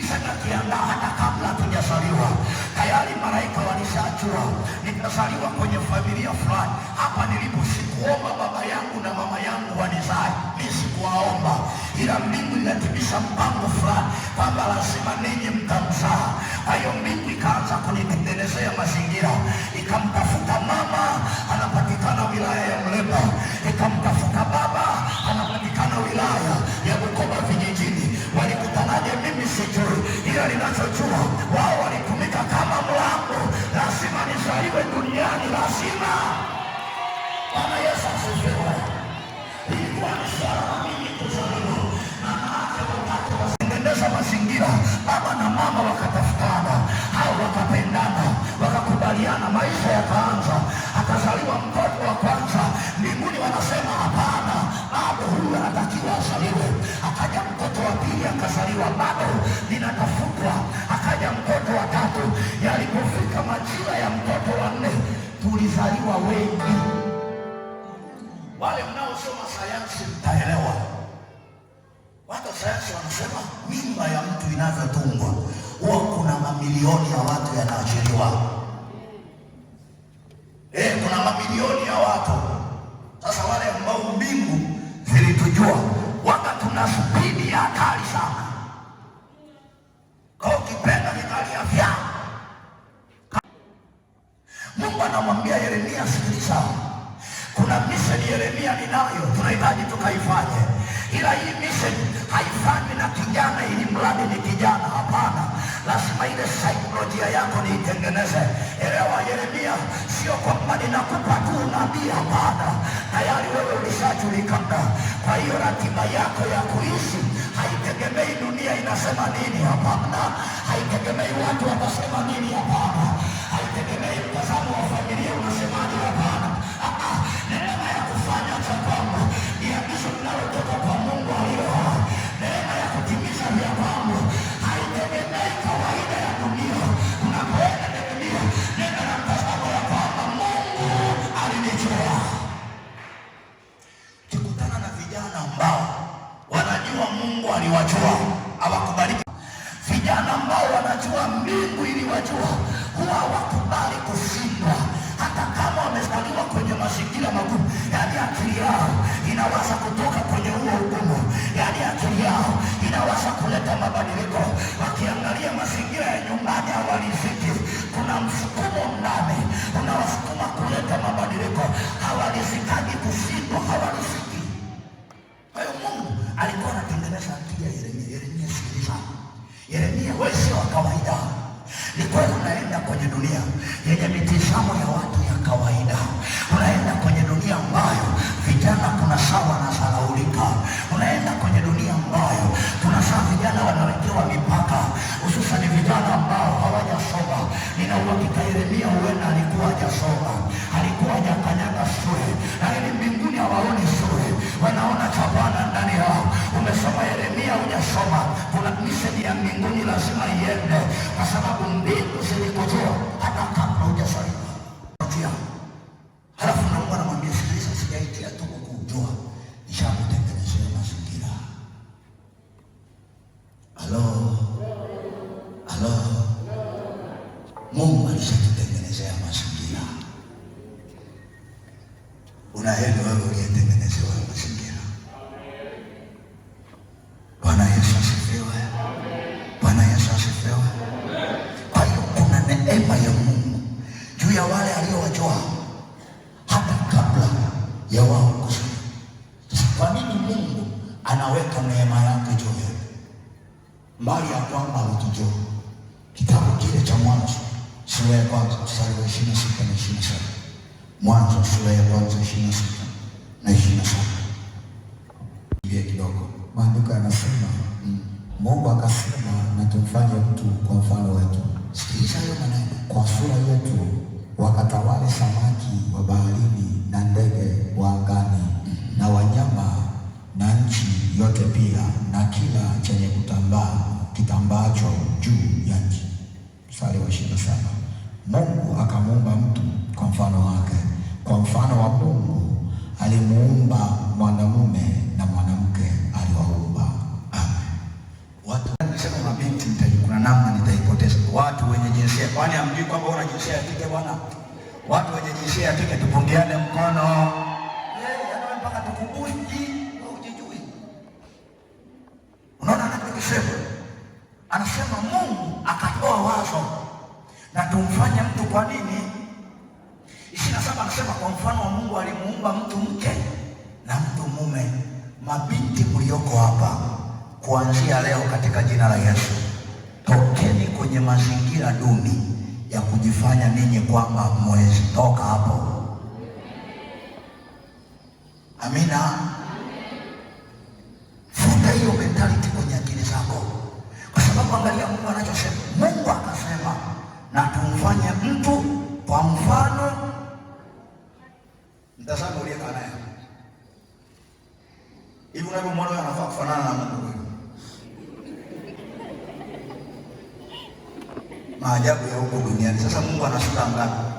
Kanisa kakiandaa hata kabla hatujasaliwa tayari, malaika walishajua nitasaliwa kwenye familia fulani. Hapa nilipo sikuomba baba yangu na mama yangu wanizae, mi sikuwaomba, ila mbingu inatimisha mpango fulani kwamba lazima ninyi mtamzaa. Kwa hiyo mbingu ikaanza kunitengenezea mazingira, ikamtafuta mama, anapatikana wilaya ya Mleba ninachojua wao walitumika kama mlango, lazima nizaliwe duniani, lazima. Bwana Yesu asifiwe. Ilikuwa ni swala la mimi kuzaliwa, mamaake wakati wasitengeneza mazingira, baba na mama wakatafutana au wakapendana, wakakubaliana, maisha yakaanza, akazaliwa mtoto wa kwanza. Mbinguni wanasema hapana, bado huyu anatakiwa azaliwe. Akaja mtoto wa pili akazaliwa, bado linatafuta tatu yalipofika majira ya mtoto wa nne, tulizaliwa wengi. Wale mnaosoma sayansi mtaelewa. sayansi wanasema mimba ya mtu inavyotungwa huwa kuna mamilioni ya watu yanaachiliwa. E, kuna mamilioni ya watu. Sasa wale ambao mbingu zilitujua wakati tuna spidi ya kali Biblia ninayo, tunahitaji tukaifanye, ila hii mission haifanywi na kijana ili mradi ni kijana. Hapana, lazima ile saikolojia yako niitengeneze. Elewa Yeremia, sio kwamba ninakupa tu nabii. Hapana, tayari wewe ulishajulikana. Kwa hiyo ratiba yako ya kuishi haitegemei dunia inasema nini. Hapana, haitegemei watu watasema nini. Hapana, haitegemei mtazamo Wana ambao wanajua mbingu ili wajua huwa wakubali kushindwa, hata kama wamezaliwa kwenye mazingira magumu, yaani akili yao inawaza kutoka Yeremia, wewe sio wa kawaida. Ni kweli unaenda kwenye dunia yenye mitizamo ya watu ya kawaida, unaenda kwenye dunia ambayo vijana kuna saa wanadharaulika, unaenda kwenye dunia ambayo kuna saa vijana wanawekewa mipaka, hususani vijana ambao hawajasoma. Nina uhakika Yeremia huenda alikuwa hajasoma, alikuwa hajakanyaga shule, lakini mbinguni hawaoni shule, wanaona kusoma, kuna message ya mbinguni lazima iende, kwa sababu mbingu zilikujua hata kabla hujasalimu. Halafu naomba namwambia, sikiliza, sijaitia tu kukujua, nishakutengenezea mazingira. Halo, halo, Mungu alishakutengenezea mazingira. Unaenda wewe uliyetengenezewa mazingira ya wao kushuka. Kwa nini Mungu anaweka neema yake juu yetu mbali ya kwamba alikijua? Kitabu kile cha Mwanzo sura ya kwanza mstari wa ishirini na sita na ishirini na saba Mwanzo sura ya kwanza ishirini na sita na ishirini na saba kidogo, maandiko yanasema mm, Mungu akasema, na tumfanye mtu kwa mfano wetu. Sikiliza hiyo maneno, kwa sura yetu wakatawale samaki wa baharini na ndege wa angani na wanyama na nchi yote pia na kila chenye kutambaa kitambacho juu ya nchi. Mstari wa ishirini na saba. Mungu akamuumba mtu kwa mfano wake, kwa mfano wa Mungu alimuumba mwanamume na mwanamke aliwaumba. Amen. Watu wanasema mabinti mtajikuna namna jinsia, kwani hamjui kwamba una jinsia ya kike bwana? Watu wenye jinsia ya kike tupungiane mkono yaani mpaka tukubuji. Ujijui, unaona anachokisema, anasema Mungu akatoa wazo na tumfanye mtu. Kwa nini? ishirini na saba anasema kwa mfano wa Mungu alimuumba mtu mke na mtu mume. Mabinti mlioko hapa, kuanzia leo katika jina la Yesu tokeni kwenye mazingira duni ya kujifanya ninyi kwamba mwezi toka hapo. Amina, futa hiyo mentality kwenye akili zako, kwa sababu angalia Mungu anachosema. Mungu akasema na tumfanye mtu kwa mfano. Mtazamo uliyekanaye hivi unavyomwona anafaa kufanana na Mungu maajabu ya huko duniani. Sasa Mungu ana ngapi?